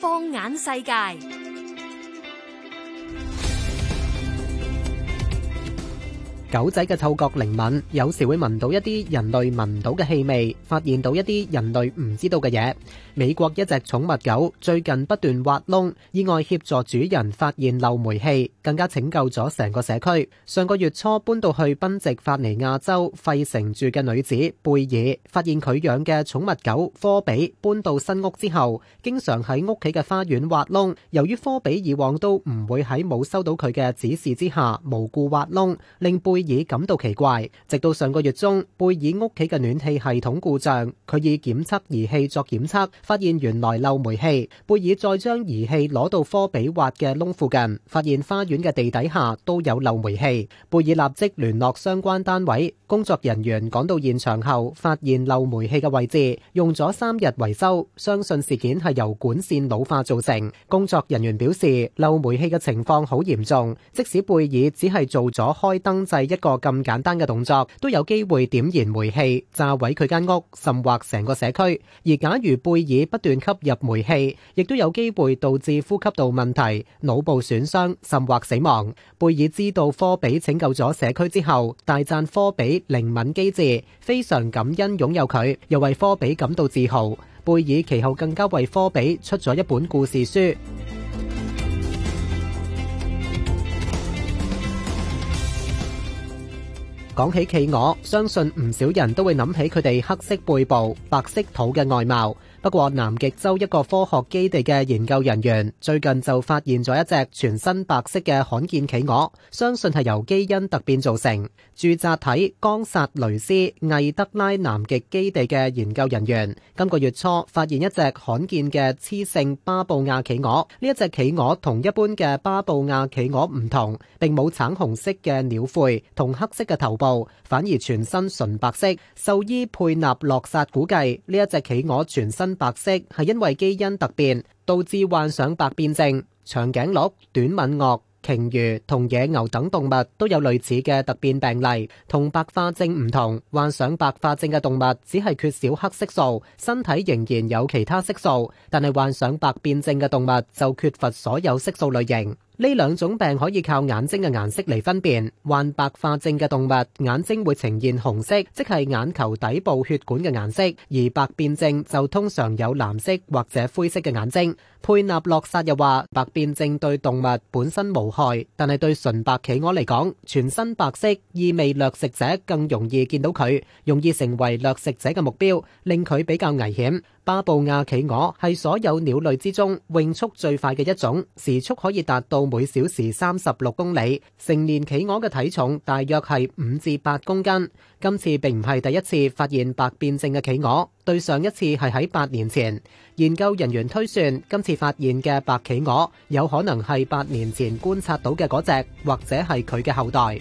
放眼世界。狗仔嘅嗅覺靈敏，有時會聞到一啲人類聞唔到嘅氣味，發現到一啲人類唔知道嘅嘢。美國一隻寵物狗最近不斷挖窿，意外協助主人發現漏煤氣，更加拯救咗成個社區。上個月初搬到去賓夕法尼亞州費城住嘅女子貝爾，發現佢養嘅寵物狗科比搬到新屋之後，經常喺屋企嘅花園挖窿。由於科比以往都唔會喺冇收到佢嘅指示之下無故挖窿，令貝爾感到奇怪，直到上個月中，貝爾屋企嘅暖氣系統故障，佢以檢測儀器作檢測，發現原來漏煤氣。貝爾再將儀器攞到科比挖嘅窿附近，發現花園嘅地底下都有漏煤氣。貝爾立即聯絡相關單位，工作人員趕到現場後，發現漏煤氣嘅位置，用咗三日維修。相信事件係由管線老化造成。工作人員表示，漏煤氣嘅情況好嚴重，即使貝爾只係做咗開燈掣。一個咁簡單嘅動作都有機會點燃煤氣，炸毀佢間屋，甚或成個社區。而假如貝爾不斷吸入煤氣，亦都有機會導致呼吸道問題、腦部損傷，甚或死亡。貝爾知道科比拯救咗社區之後，大讚科比靈敏機智，非常感恩擁有佢，又為科比感到自豪。貝爾其後更加為科比出咗一本故事書。講起企鵝，相信唔少人都會諗起佢哋黑色背部，白色肚嘅外貌。不過南極洲一個科學基地嘅研究人員最近就發現咗一隻全身白色嘅罕見企鵝，相信係由基因突變造成。駐紮喺岡薩雷斯魏德拉南極基地嘅研究人員今個月初發現一隻罕見嘅雌性巴布亞企鵝。呢一隻企鵝同一般嘅巴布亞企鵝唔同，並冇橙紅色嘅鳥喙同黑色嘅頭。反而全身純白色，獸醫佩納洛薩估計呢一隻企鵝全身白色係因為基因突變導致患上白變症。長頸鹿、短吻鱷、鯨魚同野牛等動物都有類似嘅突變病例。同白化症唔同，患上白化症嘅動物只係缺少黑色素，身體仍然有其他色素，但係患上白變症嘅動物就缺乏所有色素類型。呢兩種病可以靠眼睛嘅顏色嚟分辨，患白化症嘅動物眼睛會呈現紅色，即係眼球底部血管嘅顏色；而白變症就通常有藍色或者灰色嘅眼睛。佩納洛薩又話：白變症對動物本身無害，但係對純白企鵝嚟講，全身白色意味掠食者更容易見到佢，容易成為掠食者嘅目標，令佢比較危險。巴布亞企鵝係所有鳥類之中泳速最快嘅一種，時速可以達到每小時三十六公里。成年企鵝嘅體重大約係五至八公斤。今次並唔係第一次發現白變症嘅企鵝，對上一次係喺八年前。研究人員推算，今次發現嘅白企鵝有可能係八年前觀察到嘅嗰隻，或者係佢嘅後代。